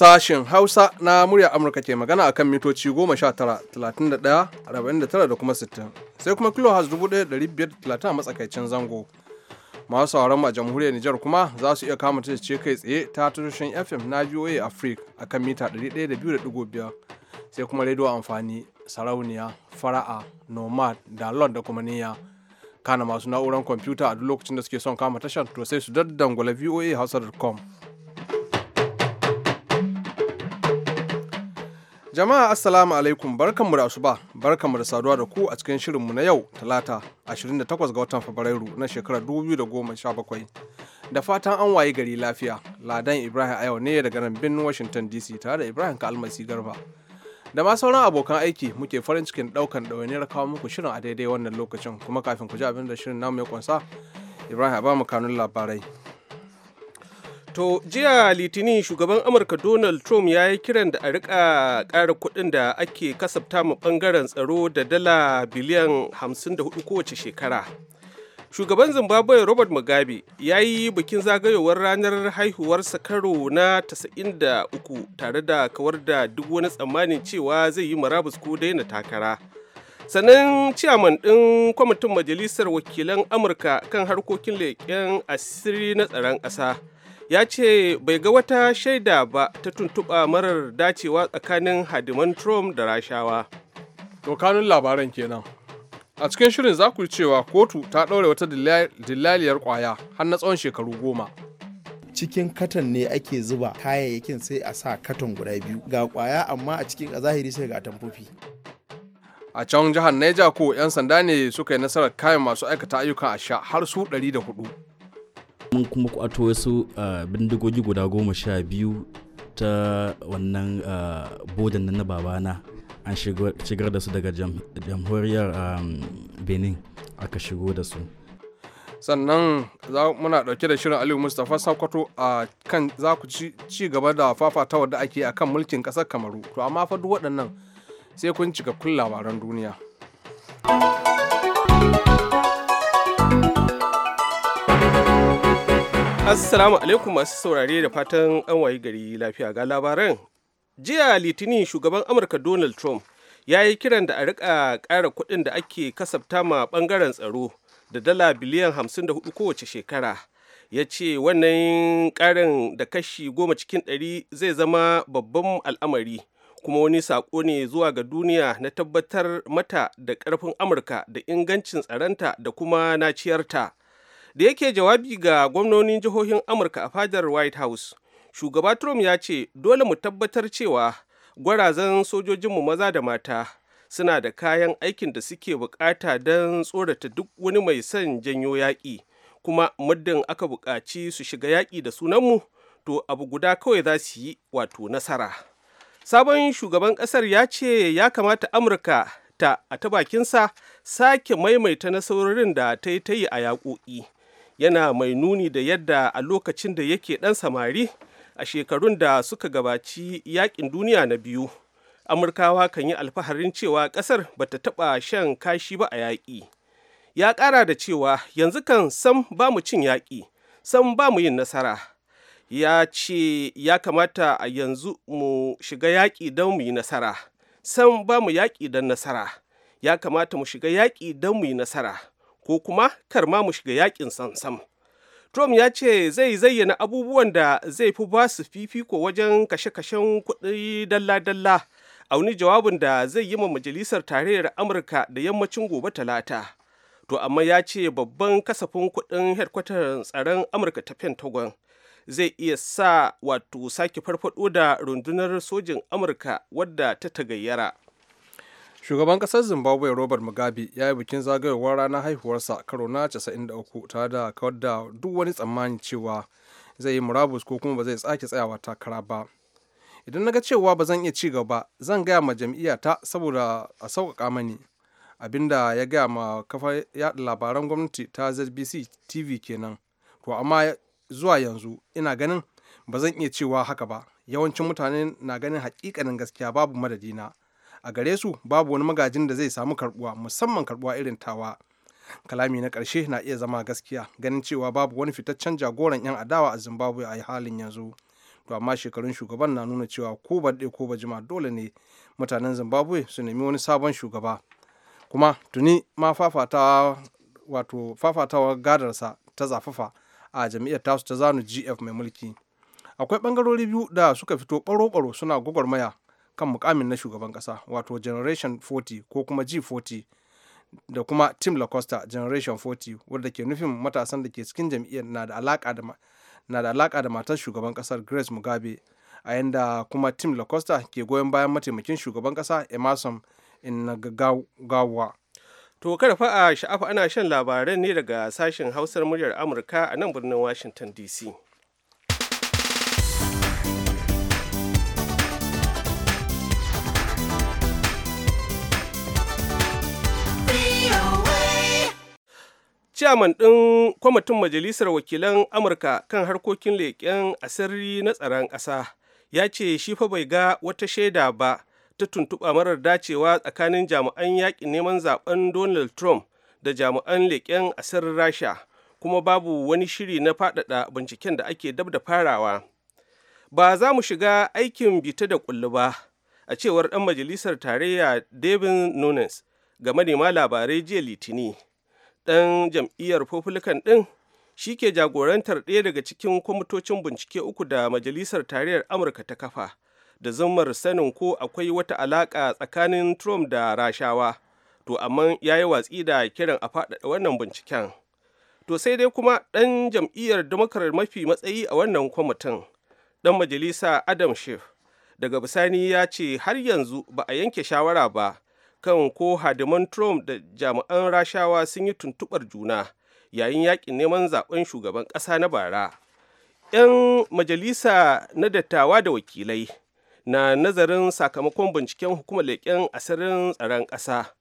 Sashen Hausa na murya Amurka ke magana akan mitoci 19,31,49 da kuma 60 sai kuma kilohaz 1,530 a matsakaicin zango. Masu sauran a jamhuriyar Nijar kuma za su iya kama ce kai tsaye ta tashoshin FM na VOA Africa akan mita 102.5 sai kuma rediyo amfani sarauniya fara'a nomad da lord da kuma niyya kana masu na'urar kwamfuta a duk lokacin da suke son kama tashar to sai su daddangula voa hausa.com Jama'a Assalamu alaikum mu da asuba mu da saduwa da ku a cikin shirin mu na yau talata 28 ga watan Fabrairu na shekarar 2017 da fatan an waye gari lafiya Ladan Ibrahim a yau ne daga nan bin Washington DC tare da Ibrahim Kalmasi Garba da ma sauran abokan aiki muke farin cikin daukan ɗawainiyar kawo muku shirin a daidai wannan lokacin kuma kafin ku ji abin da shirin namu ya kunsa Ibrahim a ba mu kanun labarai To jiya litinin shugaban Amurka Donald Trump ya yi kiran da a rika ƙara kuɗin da ake kasafta ma ɓangaren tsaro da dala biliyan 54 kowace shekara. Shugaban Zimbabwe Robert Mugabe ya yi bikin zagayowar ranar haihuwarsa karo na 93 tare da kawar da duk wani tsammanin cewa zai yi murabus ko daina takara. sannan ciyaman ɗin kwamitin majalisar wakilan amurka kan harkokin leƙen asiri na tsaron ƙasa ya ce bai ga wata shaida ba ta tuntuɓa marar dacewa tsakanin hadiman trump da rashawa Dokanin labaran kenan a cikin shirin za ku cewa kotu ta ɗaure wata dillaliyar kwaya har na tsawon shekaru goma cikin katon ne ake zuba kayayyakin sai a sa katon guda biyu ga ƙwaya amma a cikin a zahiri sai ga tamfofi a can jihar Neja ko 'yan sanda ne suka yi nasarar kayan masu aikata ayyukan a sha har su 104 mun kuma kwato wasu ah, bindigogi guda goma sha biyu ta wannan ah, bodan na babana an shigar da su daga jamhuriyar ah, benin aka shigo da su sannan muna dauke da shirin aliyu mustapha sakwato a kan za ku ci gaba da fafatawa da ake a kan mulkin kasar kamaru to amma fa duk waɗannan sai kun cika kun labaran duniya. Assalamu alaikum masu saurare da fatan an wayi gari lafiya ga labaran. Jiya Litinin shugaban Amurka Donald Trump ya yi kiran da a rika ƙara kuɗin da ake kasafta ma ɓangaren tsaro da dala biliyan 54 kowace shekara. Ya ce wannan ƙarin da kashi goma cikin ɗari zai zama babban al'amari kuma wani saƙo ne zuwa ga duniya na tabbatar mata da ƙarfin Amurka da ingancin tsaronta da kuma naciyarta. da yake jawabi ga gwamnonin jihohin amurka a fadar white house shugaba trump ya ce dole mu tabbatar cewa gwarazan sojojinmu maza da mata suna da kayan aikin da suke bukata don tsorata duk wani mai son janyo yaƙi kuma muddin aka buƙaci su shiga yaƙi da sunanmu to abu guda kawai za su yi wato nasara sabon shugaban ƙasar ya ce ya kamata amurka ta a ta bakinsa sake maimaita nasarorin da ta yi ta yi a yaƙoƙi yana mai nuni da yadda a lokacin da yake ɗan samari a shekarun da suka gabaci yakin duniya na biyu amurkawa kan yi alfaharin cewa ƙasar ta taɓa shan kashi ba a yaƙi ya ƙara da cewa yanzu kan sam ba mu cin yaƙi sam ba mu yin nasara ya ce ya kamata a yanzu mu shiga yaƙi don mu yi nasara sam ba mu yaƙi don nasara ya kamata mu shiga yaƙi don mu yi nasara ko kuma kar ma mu shiga yakin sansam trump ya ce zai zayyana abubuwan da zai fi ba su fifiko wajen kashe-kashen kuɗi dalla-dalla a wani jawabin da zai yi ma majalisar tarayyar amurka da yammacin gobe talata to amma ya ce babban kasafin kuɗin hedkwatar tsaron amurka ta pentagon zai iya sa wato sake farfado da rundunar sojin amurka wadda ta tagayyara shugaban kasar zimbabwe robert mugabe ya yi bikin zagayowar ranar haihuwarsa karo na 93 tare da kawar da duk wani tsammani cewa zai yi murabus ko kuma ba zai tsake tsayawa takara ba idan na ga cewa ba zan iya ci gaba zan gaya ma jam'iyyata saboda a sauƙaƙa mani abinda ya gaya ma kafar yaɗa labaran gwamnati ta zbc tv kenan to amma zuwa yanzu ina ganin ba zan iya cewa haka ba yawancin mutane na ganin hakikanin gaskiya babu madadina a gare su babu wani magajin da zai samu karbuwa musamman karbuwa irin tawa kalami na karshe na iya zama gaskiya ganin cewa babu wani fitaccen jagoran 'yan adawa a zimbabwe a halin yanzu to amma shekarun shugaban na nuna cewa ko ba ɗaya ko ba jima dole ne mutanen zimbabwe su nemi wani sabon shugaba kuma tuni ma fafatawa wato fafatawar gadarsa ta zafafa a jam'iyyar tasu ta zanu gf mai mulki akwai bangarori biyu da suka fito ɓaro-ɓaro suna gwagwarmaya kan mukamin na shugaban kasa wato generation 40 ko kuma g40 da kuma tim lacosta generation 40 wadda ke nufin matasan da ke cikin jam'iyyar na da alaka da na matar shugaban kasar grace mugabe a yanda kuma tim lacosta ke goyon bayan mataimakin shugaban kasa emerson inagawa to kada fa a sha'afa ana shan labaran ne daga sashen hausar muryar amurka a nan birnin washington dc ciyaman ɗin kwamitin majalisar wakilan amurka kan harkokin leƙen asirri na tsaron ƙasa ya ce shi fa bai ga wata shaida ba ta tuntuɓa marar dacewa tsakanin jami'an yaƙin neman zaben donald trump da jami'an leƙen asirin rasha kuma babu wani shiri na faɗaɗa binciken da ake dab da farawa ba za mu shiga aikin bita da kulli ba a cewar ɗan majalisar tarayya david nunes ga manema labarai jiya litini. ɗan jam'iyyar Republican ɗin shi ke jagorantar ɗaya daga cikin kwamitocin bincike uku da Majalisar Tarayyar Amurka ta kafa, da zumar sanin ko akwai wata alaƙa tsakanin Trump da Rashawa, to amma ya yi watsi da kiran a faɗaɗa wannan binciken. To sai dai kuma ɗan jam'iyyar Democrat mafi matsayi a wannan kwamitin, ɗan majalisa Adam Schiff, daga bisani ya ce har yanzu ba a yanke shawara ba kan ko hadiman trump da jami'an rashawa sun yi tuntubar juna yayin yakin neman zaben shugaban ƙasa na bara 'yan majalisa na dattawa da wakilai na nazarin sakamakon binciken hukumar leƙen asirin tsaron ƙasa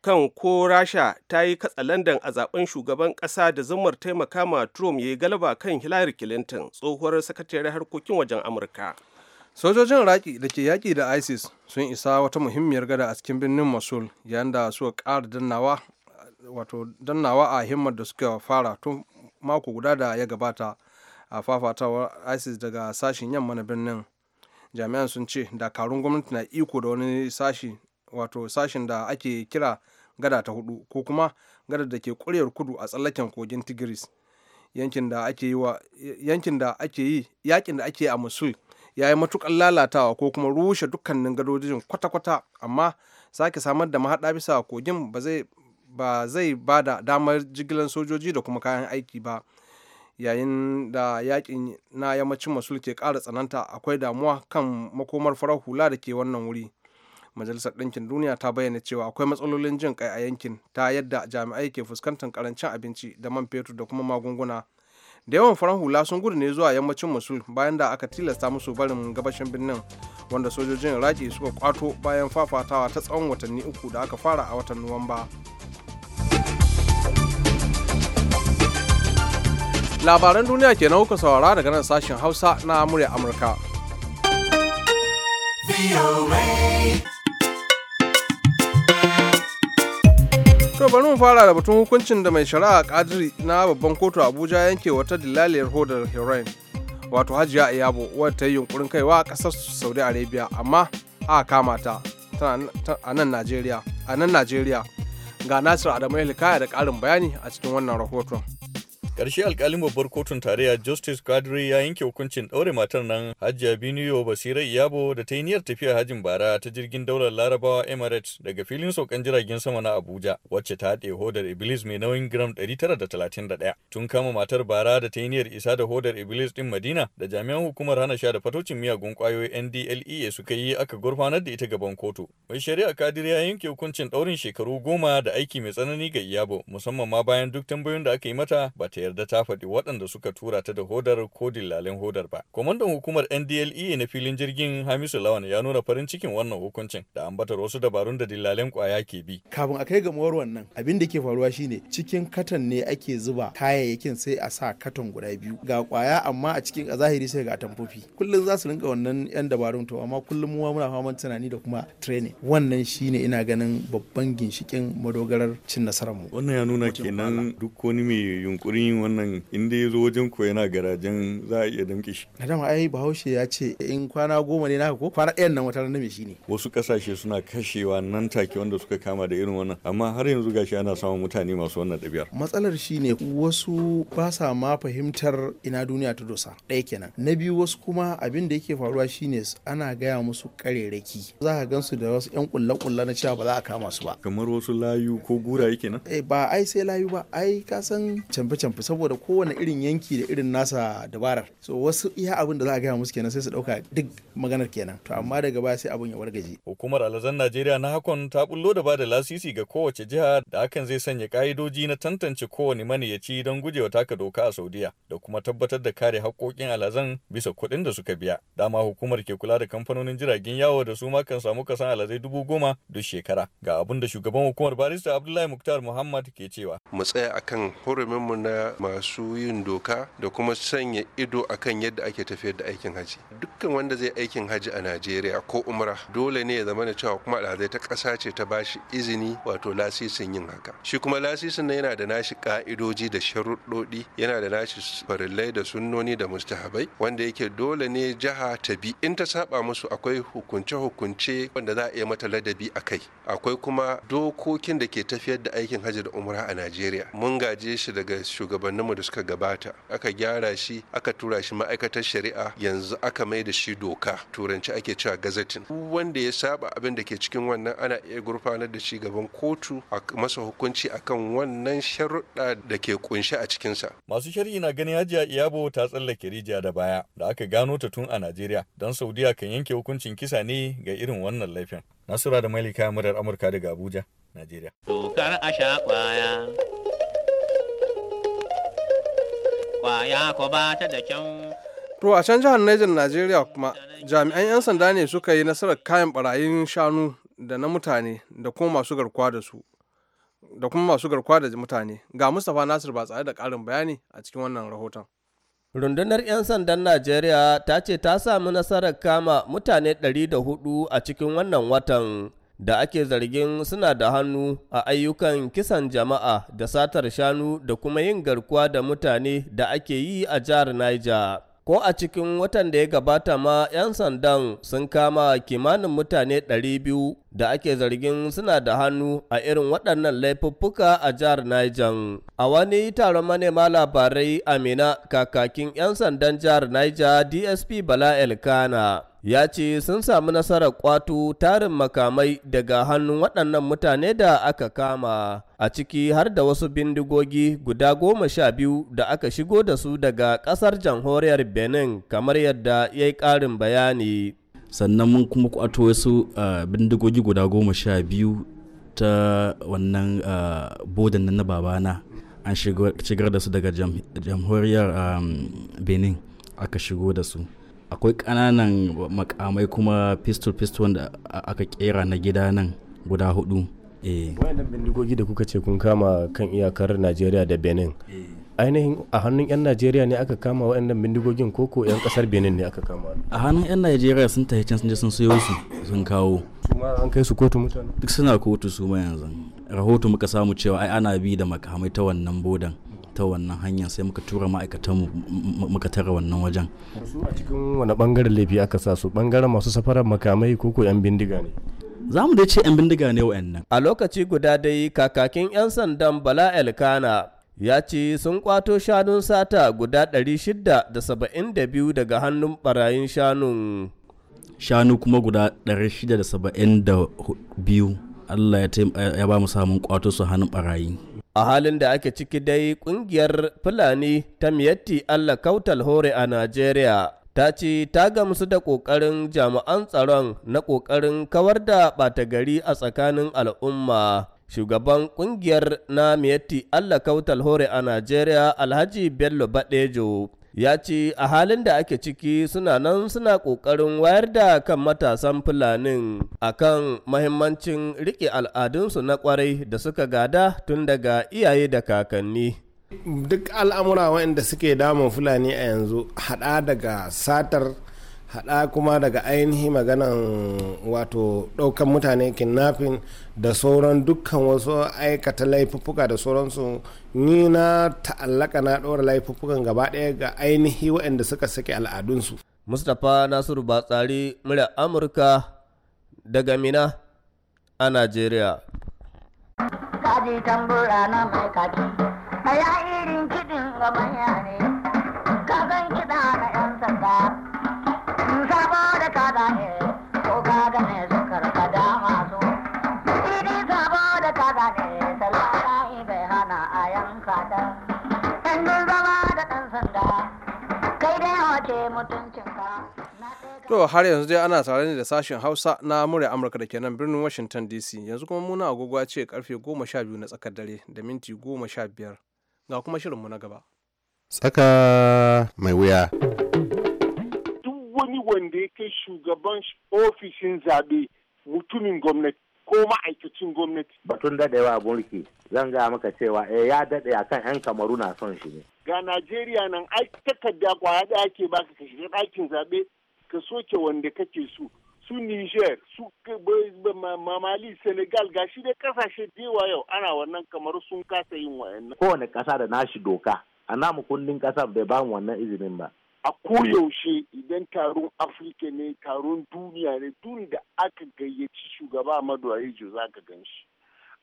kan ko rasha ta yi katsalandan a zaben shugaban ƙasa da zumar taimaka ma trump ya yi galaba kan hillary clinton tsohuwar sakatare harkokin wajen amurka sojojin iraki da ke yaƙi da isis sun isa wata muhimmiyar gada a cikin birnin mosul yayin da suka ƙara dannawa wato a himmar da suka fara tun mako guda da ya gabata a fafatawar isis daga sashen yamma na birnin jami'an sun ce dakarun gwamnati na iko da wani sashi wato sashen da ake kira gada ta hudu ko kuma gada da ke kuryar kudu a tsallaken kogin tigris yankin da ake yi yakin da ake yi a musul ya yi matukar lalatawa ko kuma rushe dukkanin gadojin kwata-kwata amma sake samar da mahaɗa bisa kogin ba zai ba da damar jigilar sojoji da kuma kayan aiki ba yayin da yakin na yammacin masul ke kara tsananta akwai damuwa kan makomar farar hula da ke wannan wuri majalisar ɗinkin duniya ta bayyana cewa akwai matsalolin jin kai a yankin ta yadda jami'ai ke fuskantar karancin abinci da man fetur da kuma magunguna da yawan farar hula sun gudu ne zuwa yammacin mosul bayan da aka tilasta musu barin gabashin birnin wanda sojojin iraki suka kwato bayan fafatawa ta tsawon watanni uku da aka fara a watan nuwamba labaran duniya ke na kuka saurara daga nan sashen hausa na murya amurka so bari mu fara da batun hukuncin da mai shari'a kadiri na babban kotu abuja yanke wata dillaliyar hodar heroin wato hajiya iyabo wadda ta yi yunkurin kaiwa kasar saudi arabia amma a kama a nan najeriya a nan najeriya ga nasir adamu hilkaya da karin bayani a cikin wannan rahoton karshe alkalin babbar kotun tarayya Justice Kadri ya yanke hukuncin ɗaure matar nan Hajiya Biniyo Basira Iyabo da ta yi niyyar tafiya hajin bara ta jirgin daular Larabawa Emirates daga filin saukan jiragen sama na Abuja wacce ta haɗe hodar Iblis mai nauyin gram 931. Tun kama matar bara da ta yi niyyar isa da hodar Iblis ɗin Madina da jami'an hukumar hana sha da fatocin miyagun kwayoyi NDLEA suka yi aka gurfanar da ita gaban kotu. Mai shari'a Kadiri ya yanke hukuncin ɗaurin shekaru goma da aiki mai tsanani ga Iyabo musamman ma bayan duk tambayoyin da aka yi mata ba ta yarda ta faɗi waɗanda suka tura ta da hodar ko dillalin hodar ba. Kwamandan hukumar NDLEA na filin jirgin Hamisu Lawan ya nuna farin cikin wannan hukuncin da ambatar wasu dabarun da dillalin kwaya ke bi. Kafin a kai ga mawar wannan abin da ke faruwa shine cikin katon ne ake zuba kayayyakin sai a sa katon guda biyu ga kwaya amma a cikin a zahiri sai ga tamfofi. Kullum za su rinka wannan yan dabarun to amma kullum mu muna faman tunani da kuma training. Wannan shine ina ganin babban ginshikin madogarar cin nasarar mu. Wannan ya nuna kenan duk wani mai yunkurin yin wannan inda ya zo wajen ko yana garajen za a iya damƙe shi na dama ai bahaushe ya ce in kwana goma ne naka ko kwana ɗayan nan wata ranar shi ne wasu ƙasashe suna kashewa nan take wanda suka kama da irin wannan amma har yanzu gashi ana samun mutane masu wannan ɗabi'ar matsalar shi ne wasu ba sa ma fahimtar ina duniya ta dosa ɗaya kenan na biyu wasu kuma abin da yake faruwa shine ana gaya musu ƙarerraki za ka su da wasu 'yan kulle-kulle na cewa ba za a kama su ba kamar wasu layu ko gura yake nan eh, ba ai sai layu ba ai ka san canfe-canfe saboda kowane irin yanki da irin nasa dabarar so wasu iya abin da za a gaya musu kenan sai su dauka duk maganar kenan to amma daga baya sai abin ya wargaje hukumar alazan najeriya na hakon ta bullo da bada lasisi ga kowace jiha da hakan zai sanya ka'idoji na tantance kowane maniyaci don gujewa taka doka a saudiya da kuma tabbatar da kare haƙƙoƙin alazan bisa kuɗin da suka biya dama hukumar ke kula da kamfanonin jiragen yawo da su ma kan samu kasan alazai dubu goma duk shekara ga abin da shugaban hukumar barista abdullahi muktar muhammad ke cewa mu tsaya akan mu na masu yin doka da kuma sanya ido akan yadda ake tafiyar da aikin haji dukkan wanda zai aikin haji a najeriya ko umra dole ne ya zama da cewa kuma alhazai ta ƙasa ce ta bashi izini wato lasisin yin haka shi kuma lasisin na yana da nashi ka'idoji da sharuɗoɗi yana da nashi farillai da sunnoni da mustahabai wanda yake dole ne jiha ta bi in ta saba musu akwai hukunce-hukunce wanda za a iya mata ladabi a kai akwai kuma dokokin da ke tafiyar da aikin haji da umra a najeriya mun gaje shi daga shugaban shugabanninmu da suka gabata aka gyara shi aka tura shi ma'aikatar shari'a yanzu aka mai da shi doka turanci ake cewa gazetin wanda ya saba abin da ke cikin wannan ana iya gurfanar da shi gaban kotu a masa hukunci akan wannan sharuɗa da ke kunshi a cikinsa masu shari'i na ganin hajiya iyabo ta tsallake rijiya da baya da aka gano ta tun a najeriya don saudiya kan yanke hukuncin kisa ne ga irin wannan laifin nasura da malika murar amurka daga abuja najeriya dokar kwaya ko da kyau. To a can jihar Niger Najeriya kuma jami'an 'yan sanda ne suka yi nasarar kayan barayin shanu da na mutane da kuma masu garkuwa da su da kuma masu garkuwa da mutane ga Mustapha Nasir ba tsare da ƙarin bayani a cikin wannan rahoton. Rundunar 'yan sandan Najeriya ta ce ta samu nasarar kama mutane 104 a cikin wannan watan. da ake zargin suna da hannu a ayyukan kisan jama'a da satar shanu da kuma yin garkuwa da mutane da ake yi a jihar Niger. Ko a cikin watan da ya gabata ma 'yan sandan sun kama kimanin mutane 200 da ake zargin suna da hannu a irin waɗannan laifuffuka a jihar Niger. A wani taron manema labarai Amina kakakin 'yan sandan jihar Niger DSP Bala Elkana. ya ce sun samu nasarar kwato tarin makamai daga hannun waɗannan mutane da aka kama a ciki har da wasu bindigogi guda goma sha biyu da aka shigo da su daga ƙasar jamhuriyar benin kamar yadda ya yi ƙarin bayani sannan mun kuma kwato wasu ah, bindigogi guda goma sha biyu ta wannan ah, bodan na babana an shigar da su daga jamhuriyar ah, benin aka shigo da su akwai kananan makamai kuma pistol pistol wanda aka kera na gida nan guda hudu eh. wayannan bindigogi da kuka ce kun kama kan iyakar najeriya da benin eh. ainihin a hannun 'yan najeriya ne aka kama waɗannan bindigogin koko 'yan kasar benin ne aka kama a hannun 'yan najeriya sun tafi can sun je sun sayo su sun kawo kuma an kai su kotu mutane duk suna kotu su ma yanzu rahoto muka samu cewa ai ana bi da makamai ta wannan bodan ta wannan hanyar sai muka tura ma'aikatan muka tara wannan wajen su a cikin wani bangaren laifi aka sa su bangaren masu safarar makamai ko ko yan bindiga ne za mu dai ce yan bindiga ne wa'annan a lokaci guda dai kakakin yan sandan bala elkana ya ce sun kwato shanun sata guda 672 daga hannun barayin shanun shanu kuma guda 672 Allah ya ba mu samun kwato su hannun barayi a halin da ake ciki dai ƙungiyar fulani ta miyatti allah kautal hore a najeriya ta ce ta gamsu da ƙoƙarin jami'an tsaron na ƙoƙarin kawar da ɓata gari a tsakanin al'umma shugaban ƙungiyar na miyatti allah kautal hore a najeriya alhaji bello Badejo. ya ce a halin da ake ciki suna nan suna ƙoƙarin wayar da kan matasan fulanin a kan mahimmancin riƙe al'adunsu na kwarai da suka gada tun daga iyaye da kakanni duk al'amura waɗanda suke damun fulani a yanzu haɗa daga satar hada kuma daga ainihi maganan wato daukan mutane kidnapping da sauran dukkan wasu aikata laifuffuka da sauransu ni na ta'allaka na ɗora laifuffukan gaba ɗaya ga ainihi waɗanda suka sake al'adunsu mustapha nasiru batsari murya amurka daga mina a nigeria kaji tambura na mai kaji a irin kiɗin ga manya ne To har yanzu dai ana tare ne da sashen Hausa na murya Amurka da ke nan birnin Washington DC yanzu kuma muna agogo ce karfe 12 na tsakar dare da minti goma biyar ga kuma shirinmu na gaba. Tsaka mai wuya. Duk wani wanda ya kai shugaban ofishin zabe mutumin gwamnati ko ma'aikacin gwamnati. Batun daɗewa yawa burki zan gaya maka cewa eh, ya daɗe akan 'yan kamaru na son shi ne. ga najeriya nan ai takarda kwaya da ake baka ka shiga ɗakin zaɓe ka soke wanda kake so su niger su mali senegal ga shi dai kasashe dewa yau ana wannan kamar sun kasa yin wayannan kowane ƙasa da nashi doka a namu kundin ƙasa bai ba wannan izinin ba a koyaushe idan taron afirka ne taron duniya ne tun da aka gayyaci shugaba maduwa za ka gan shi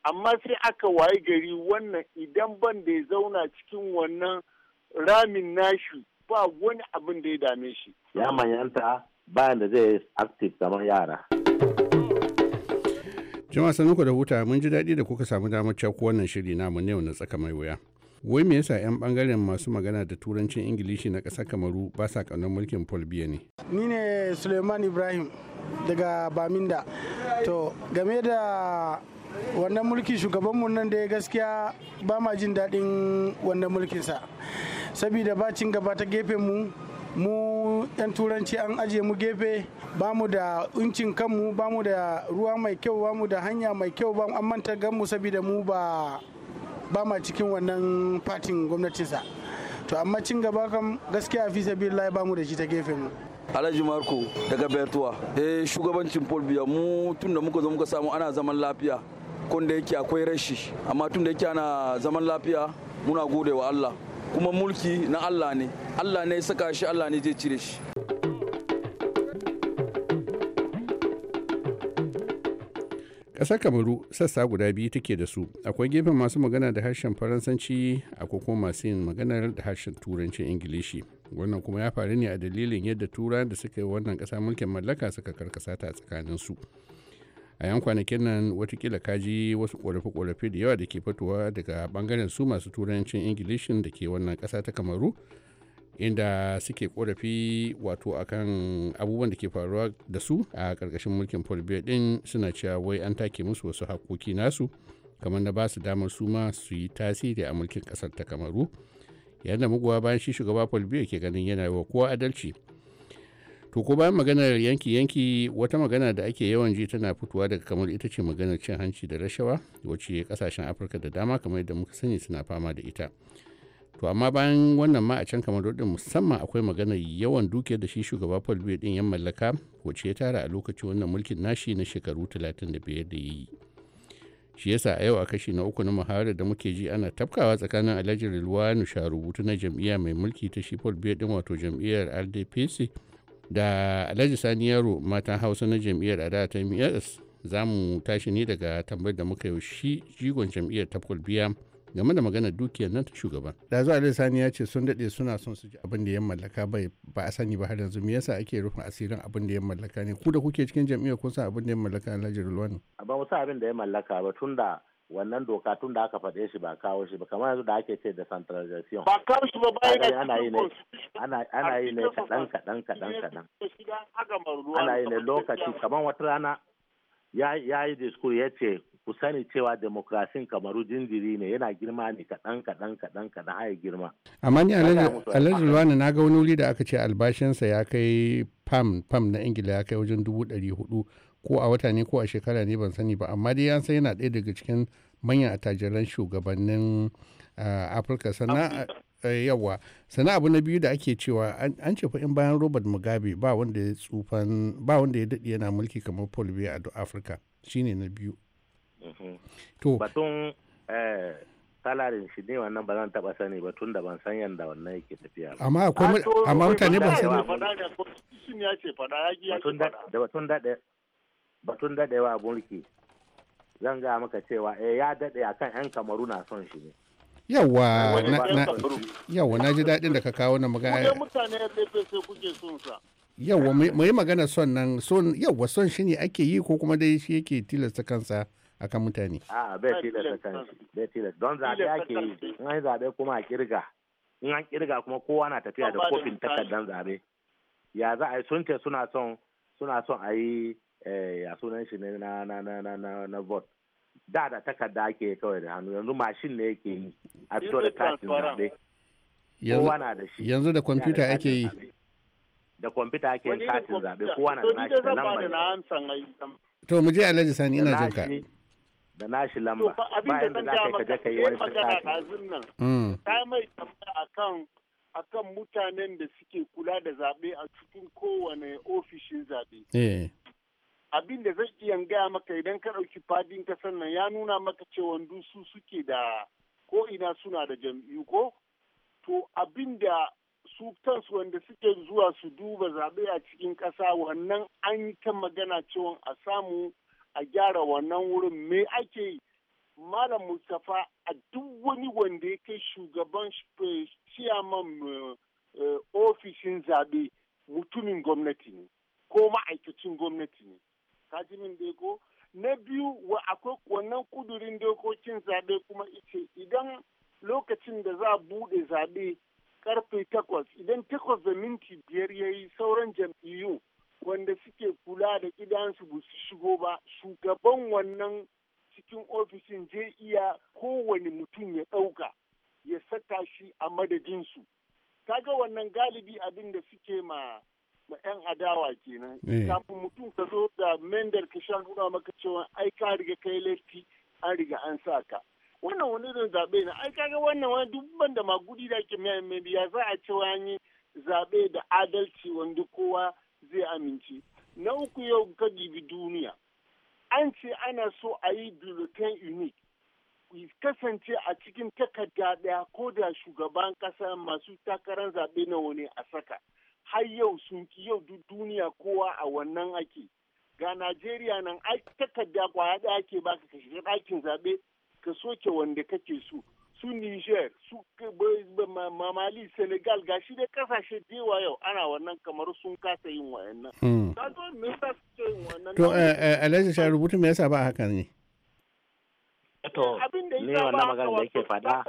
amma sai aka waye gari wannan idan ban da ya zauna cikin wannan ramin nashi ba wani abin da ya dame shi ya manyanta bayan da zai active kamar yara jama'a sanu ku da huta mun ji daɗi da kuka samu damar cakuwa wannan shiri namu ne na tsaka mai wuya wai me yasa 'yan bangaren masu magana da turancin ingilishi na ƙasar kamaru ba sa ƙaunar mulkin paul biya ne ni ne suleiman ibrahim daga baminda to game da wannan mulki shugabanmu nan da gaskiya ba ma jin daɗin wannan mulkinsa saboda cin gaba ta gefe mu mu 'yan turanci an ajiye mu gefe ba mu da incin kanmu ba mu da ruwa mai kyau ba mu da hanya mai kyau ba an manta ganmu saboda mu ba ba ma cikin wannan fatin gwamnatinsa to amma cin gaba kam gaskiya fi sabilillahi ba mu da shi ta gefe mu Alhaji Marko daga Bertuwa. Eh shugabancin Paul Biya mu tun da muka zo muka samu ana zaman lafiya sakamakon da yake akwai rashi amma tun da yake ana zaman lafiya muna gode wa Allah kuma mulki na Allah ne Allah ne ya saka shi Allah ne zai cire shi ƙasar kamaru sassa guda biyu take da su akwai gefen masu magana da harshen faransanci akwai kuma masu yin maganar da harshen turancin ingilishi wannan kuma ya faru ne a dalilin yadda tura da suka yi wannan ƙasa mulkin mallaka suka karkasa ta tsakanin su a yan kwanakin nan watakila kaji wasu korafe-korafe da yawa da ke fitowa daga bangaren su masu turancin ingilishin da ke wannan kasa ta kamaru inda suke korafi wato akan abubuwan da ke faruwa da su a karkashin mulkin polio din suna cewa wai an take musu wasu hakoki nasu kamar na ba su damar su ma su yi tasiri a mulkin kasar ta kamaru yadda muguwa bayan shi shugaba polio ke ganin yana wa kowa adalci to ko bayan maganar yanki-yanki wata magana da ake yawan ji tana fitowa daga kamar ita ce maganar cin hanci da rashawa wacce kasashen afirka da dama kamar yadda muka sani suna fama da ita to amma bayan wannan ma a can kamar din musamman akwai maganar yawan dukiyar da shi shugaba paul biya din yan mallaka wacce ya tara a lokacin wannan mulkin nashi na shekaru talatin da biyar ya yi shi yasa a yau a kashi na uku na muhawarar da muke ji ana tafkawa tsakanin alhaji rilwanu rubutu na jam'iyya mai mulki ta shi paul biya din wato jam'iyyar rdpc da alhaji sani yaro matan hausa na jam'iyyar ada ta ms e za mu tashi ne daga tambayar da muka yi shi jigon jam'iyyar ta biya game da maganar dukiyar nan ta shugaban. da zuwa alhaji sani ya ce sun daɗe suna son su ji abin da ya mallaka bai ba a sani ba har yanzu me yasa ake rufin asirin abin da ya mallaka ne ku da kuke cikin jam'iyyar kun san abin da ya mallaka alhaji rulwani. ba mu san abin da ya mallaka ba tun da wannan doka tun da aka faɗe shi ba kawo shi ba kamar yanzu da ake ce da centralization ba kawo shi ba bayan ana yi ne ana yi ne kaɗan kaɗan kaɗan kaɗan ana yi ne lokaci kamar wata rana ya yi diskur ya ce ku sani cewa demokrasin kamaru jinjiri ne yana girma ne kaɗan kaɗan kaɗan kaɗan har girma. amma ni alhaji na ga wani wuri da aka ce albashinsa ya kai pam pam na ingila ya kai wajen dubu ɗari hudu ko a wata ne ko a shekara ne ban sani ba amma dai an san yana ɗaya daga cikin manyan attajiran shugabannin afirka sana eh, yawa sana abu na biyu da ake cewa an ce in bayan robert mugabe ba wanda ya tsufan ba wanda ya daɗe yana mulki kamar paul biya a duk afirka shine na biyu mhm. to batun eh, salarin shi ne wannan ba zan taba sani ba tun da ban san yadda wannan yake tafiya ba amma akwai amma mutane ban sani ba faɗa da ya ce faɗa ya ki ya da batun daɗe batun dadewa mulki zan ga maka cewa eh ya dade akan yan kamaru na son shi ne yawa yawa na ji daɗin da ka kawo na magana mutane kuke son sa yawa mu yi magana son nan son yawa son shi ne ake yi ko kuma dai shi yake tilasta kansa akan mutane a bai tilasta kansa bai tilasta don zaɓe ake yi in an zaɓe kuma a kirga in an kirga kuma kowa na tafiya da kofin takardar zaɓe ya za a yi sun ce suna son suna son a yi Eh, a sunan shi ne na na na na na na vote da da takarda ake kawai da hannu yanzu mashin ne yake yi a fito da katin zaɓe kowa na da shi yanzu da kwamfuta ake yi da kwamfuta ake yin katin zaɓe kowa na da nashi da lamba to mu je alhaji sani ina jin ka da nashi lamba bayan da za ka kaje ka yi wani katin ta mm. mai a kan akan mutanen da suke kula da zaɓe a cikin kowane ofishin zaɓe eh. abin da zai iya gaya maka idan ka ɗauki fadin kasar sannan ya nuna maka cewa su suke da ko ina suna da jam'iyyu ko to abin da su kansu wanda suke zuwa su duba zaɓe a cikin ƙasa wannan an yi ta magana cewa a samu a gyara wannan wurin me ake yi malam mustapha a duk wani wanda ya kai shugaban eh, ciyaman eh, ofishin zaɓe mutumin gwamnati ne ko ma'aikacin gwamnati ne ka deko na biyu wa akwai wannan kudurin dokokin zaɓe kuma ice idan lokacin da za a buɗe zaɓe karfe takwas idan takwas da minti biyar ya yi sauran jam'iyyu wanda suke kula da gidansu ba su shigo ba shugaban wannan cikin ofishin je iya kowane mutum ya ɗauka ya saka shi a madadinsu kaga wannan galibi abin da suke ma ma 'yan adawa kenan eh. kafin mutum ka zo da mendar ka sha nuna maka cewa ai ka riga kai laifi an riga an sa ka wannan wani zan zaɓe ne ai kaga wannan wani duk ban da magudi da ake mai mai ya za a cewa an yi zaɓe da adalci wanda kowa zai amince na uku yau ka gibi duniya an ce ana so a yi bulletin unique kasance a cikin takarda ɗaya ko da shugaban ƙasa masu takarar zaɓe na wani a saka har yau sun ki yau duk duniya kowa a wannan ake ga najeriya nan ai takarda kwaya da ake baka ka shiga ɗakin zaɓe ka soke wanda kake so su niger su mamali senegal ga shi dai kasashe dewa yau ana wannan kamar sun kasa yin wayannan hmm. to eh, eh, alhaji sha rubutu me yasa ba hakan ne to ne wannan magana da yake fada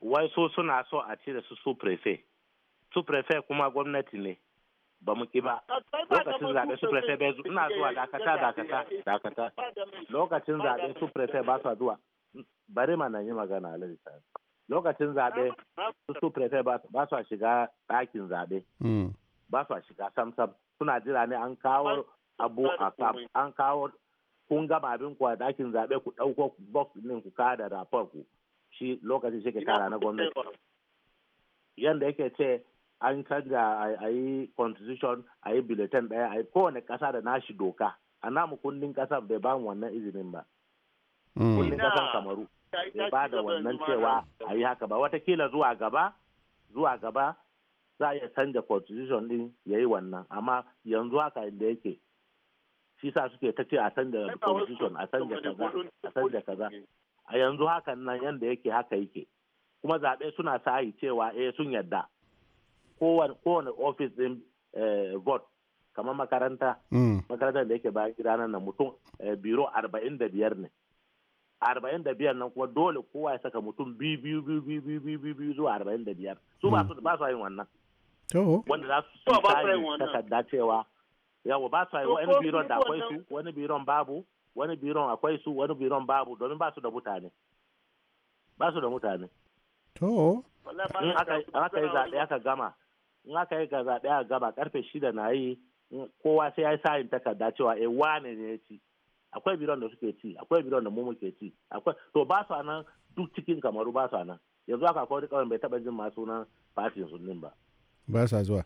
wai su suna so a da su su prefe su prefe kuma gwamnati ne ba mu ki ba lokacin zaɓe su prefe bai zuwa ina zuwa dakata dakata dakata lokacin zaɓe su prefe ba sa zuwa bari ma na yi magana alhaji lokacin zaɓe su prefe ba sa shiga ɗakin zaɓe hmm. ba sa shiga samsam suna jira ne an kawo abu a an kawo kun gama abin ku a ɗakin zaɓe ku ɗauko box ɗin ku kada rapor ku shi lokacin shi ke tara na gwamnati yanda yake ce an canza a yi constitution a yi bulletin ɗaya a yi kowane kasa da nashi doka a namu kundin ƙasa bai ba wannan izinin ba mm. kundin ƙasan kamaru bai ba da wannan cewa a yi haka ba watakila zuwa gaba zuwa gaba za a iya canza constitution din ya yi wannan amma yanzu haka inda yake shi sa suke ta ce a canza constitution a canza kaza a canza kaza a yanzu hakan nan yanda yake haka yake kuma zaɓe suna sayi cewa eh sun yadda kowane ofis din eh, vote kamar makaranta mm. makarantar da yake bayan gida nan mutum eh, biro arba'in da biyar ne arba'in da biyar nan kuma dole kowa ya saka mutum biyu biyu biyu biyu biyu biyu biyu zuwa arba'in da biyar su ba su mm. yin wannan wanda za su yi takarda cewa yawa ba su yi wani biron da akwai su wani biron babu wani biron akwai su wani biron babu domin ba su da mutane ba su da mutane to in aka yi zaɓe aka gama in aka yi ga zaɓe a gaba karfe shida na yi kowa sai ya yi sa'in takarda cewa eh wane ne ya ci akwai biron da suke ci akwai biron da mu muke ci akwai to ba su nan duk cikin kamaru ba su nan yanzu aka akwai wani bai taɓa jin masu nan fatin sunnin ba ba sa zuwa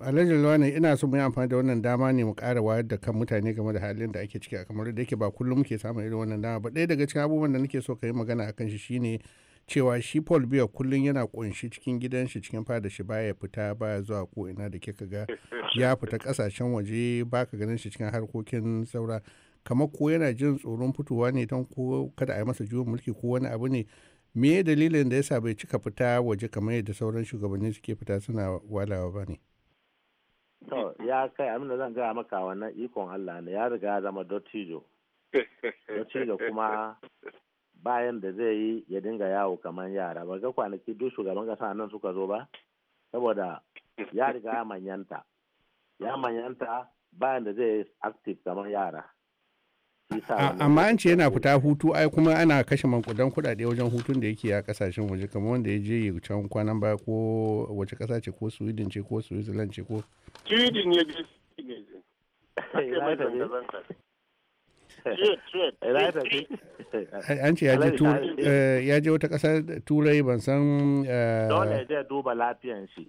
alhaji lwani ina so mu yi amfani da wannan dama ne mu ƙara wayar da kan mutane game da halin da ake ciki a kamar da yake ba kullum muke samun irin wannan dama ba ɗaya daga cikin abubuwan da nake so ka yi magana akan shi shine cewa shi paul biya kullum yana kunshi cikin gidan shi cikin fada shi baya fita baya zuwa ko ina da kika ga ya fita kasashen waje baka ganin shi cikin harkokin saura kamar ko yana jin tsoron fitowa ne don ko kada a yi masa juyin mulki ko wani abu ne me dalilin da yasa bai cika fita waje kamar yadda sauran shugabanni suke fita suna walawa ba ne to ya kai abin da zan gaya maka wannan ikon Allah ne ya riga zama dottijo dottijo kuma bayan da zai yi ya dinga yawo kamar yara ba ga kwanaki duk shugaban kasa nan suka zo ba saboda ya riga ya manyanta ya manyanta bayan da zai yi active kamar yara amma an ce yana fita hutu ai kuma ana kashe mankudan kudade wajen hutun da yake a kasashen waje kamar wanda ya je can kwanan baya ko wace kasa ce ko sweden ce ko switzerland ce ko sweden ya je an ce ya je eh, wata kasar turai ban san eh, dole ya duba lafiyan shi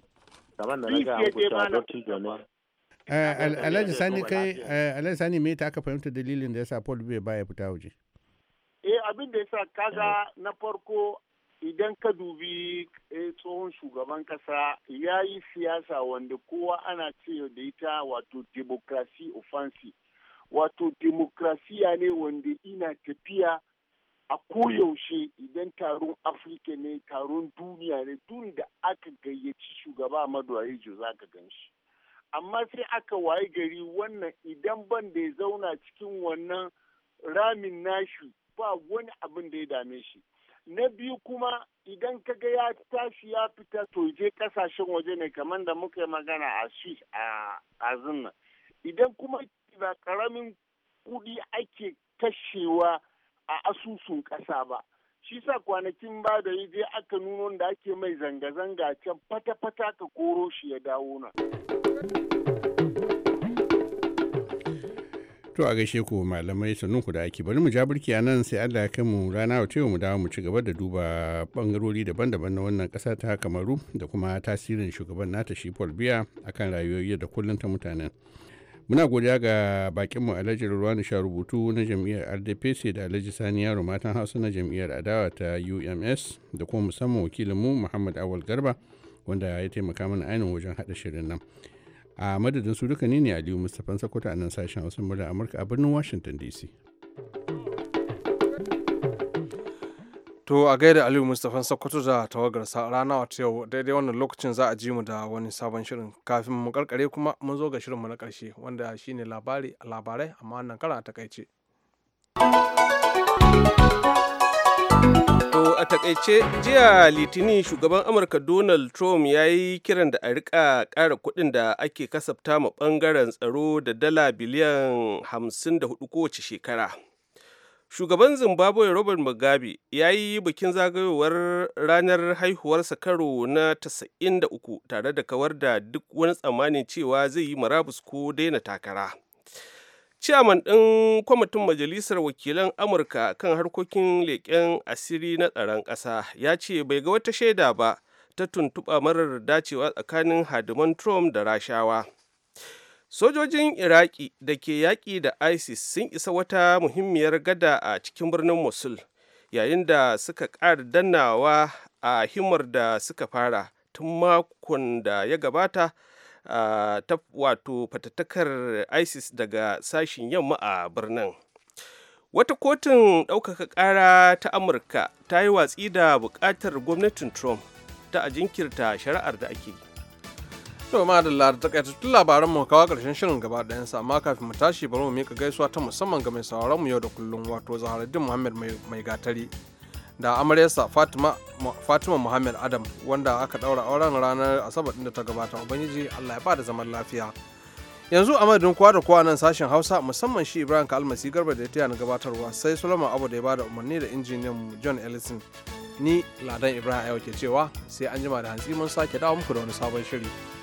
na Alhaji Sani kai me ta aka fahimta dalilin da yasa Paul bai baya fita waje? Eh abin da yasa kaga eh. na farko idan ka dubi tsohon shugaban kasa ya yi siyasa wanda kowa ana ce da ita wato demokrasi ofansi wato demokrasiya ne wanda ina tafiya a koyaushe idan taron afirka ne taron duniya ne tun da aka gayyaci shugaba jo za ka gan shi amma sai aka waye gari wannan idan ban da ya zauna cikin wannan ramin nashi ba wani abin da ya dame shi na biyu kuma idan kaga ya tashi ya fita to je kasashen waje ne kamar da muka yi magana a shi a azin idan kuma ba karamin kuɗi ake kashewa a asusun ƙasa ba. Shi sa kwanakin ba da yi je aka nuno da ake mai zanga-zanga can fata-fata ka koro shi ya dawo na. To a gaishe ku malamai sannan ku da ake bari mu ja birki a nan sai Allah ya kai mu rana wa mu dawo mu ci gaba da duba bangarori daban-daban na wannan kasa ta Kamaru da kuma tasirin shugaban nata shi Paul Biya akan rayuwar da kullum ta mutanen. muna godiya ga bakinmu alhaji ruwanu sha rubutu na jam'iyyar rdpc da alhaji sani yaro matan hausa na jam'iyyar adawa ta ums da kuma musamman wakilinmu muhammad awal garba wanda ya taimaka mana ainihin wajen haɗa shirin nan a madadin su duka ne ne aliyu mustapha sakwata a nan sashen hausa murya amurka a birnin washington dc To a gaida Aliyu Mustapha Sokoto da tawagarsa rana wata yau daidai wannan lokacin za a ji mu da wani sabon shirin kafin mu karkare kuma mun zo ga shirin mu na karshe wanda shine labari labarai amma wannan kara a takaice. To a takaice jiya litinin shugaban Amurka Donald Trump ya yi kiran da a rika ƙara kuɗin da ake kasafta ma ɓangaren tsaro da dala biliyan 54 kowace shekara. shugaban zimbabwe robert mugabe ya yi bikin zagayowar ranar haihuwarsa karo na 93 tare da kawar da duk wani tsammanin cewa zai yi marabus ko daina takara ciyaman ɗin kwamitin majalisar wakilan amurka kan harkokin leƙen asiri na tsaron ƙasa ya ce bai ga wata shaida ba ta tuntuɓa marar dacewa tsakanin hadiman trump da rashawa sojojin iraki da ke yaƙi da isis sun isa wata muhimmiyar gada a cikin birnin mosul yayin da suka ƙara dannawa a himar da suka fara tun makon da ya gabata ta wato fatattakar isis daga sashen yamma a birnin wata kotun ɗaukaka ƙara ta amurka ta yi watsi da buƙatar gwamnatin trump ta jinkirta shari'ar da ake yi To madalla da takaitattun labaran mu kawo karshen shirin gaba sa amma kafin mu tashi bari mu mika gaisuwa ta musamman ga mai sauraron mu yau da kullum wato Zaharuddin Muhammad mai gatari da amaryarsa Fatima Muhammad Adam wanda aka daura auren ranar Asabar din da ta gabata Ubangiji Allah ya bada zaman lafiya. Yanzu a madadin kowa da kowa nan sashen Hausa musamman shi Ibrahim Kalmasi Garba da ya taya gabatarwa sai Sulaiman Abu da ya bada umarni da injiniyan mu John Ellison ni Ladan Ibrahim Ayo ke cewa sai an jima da hantsi mun sake dawo muku da wani sabon shiri.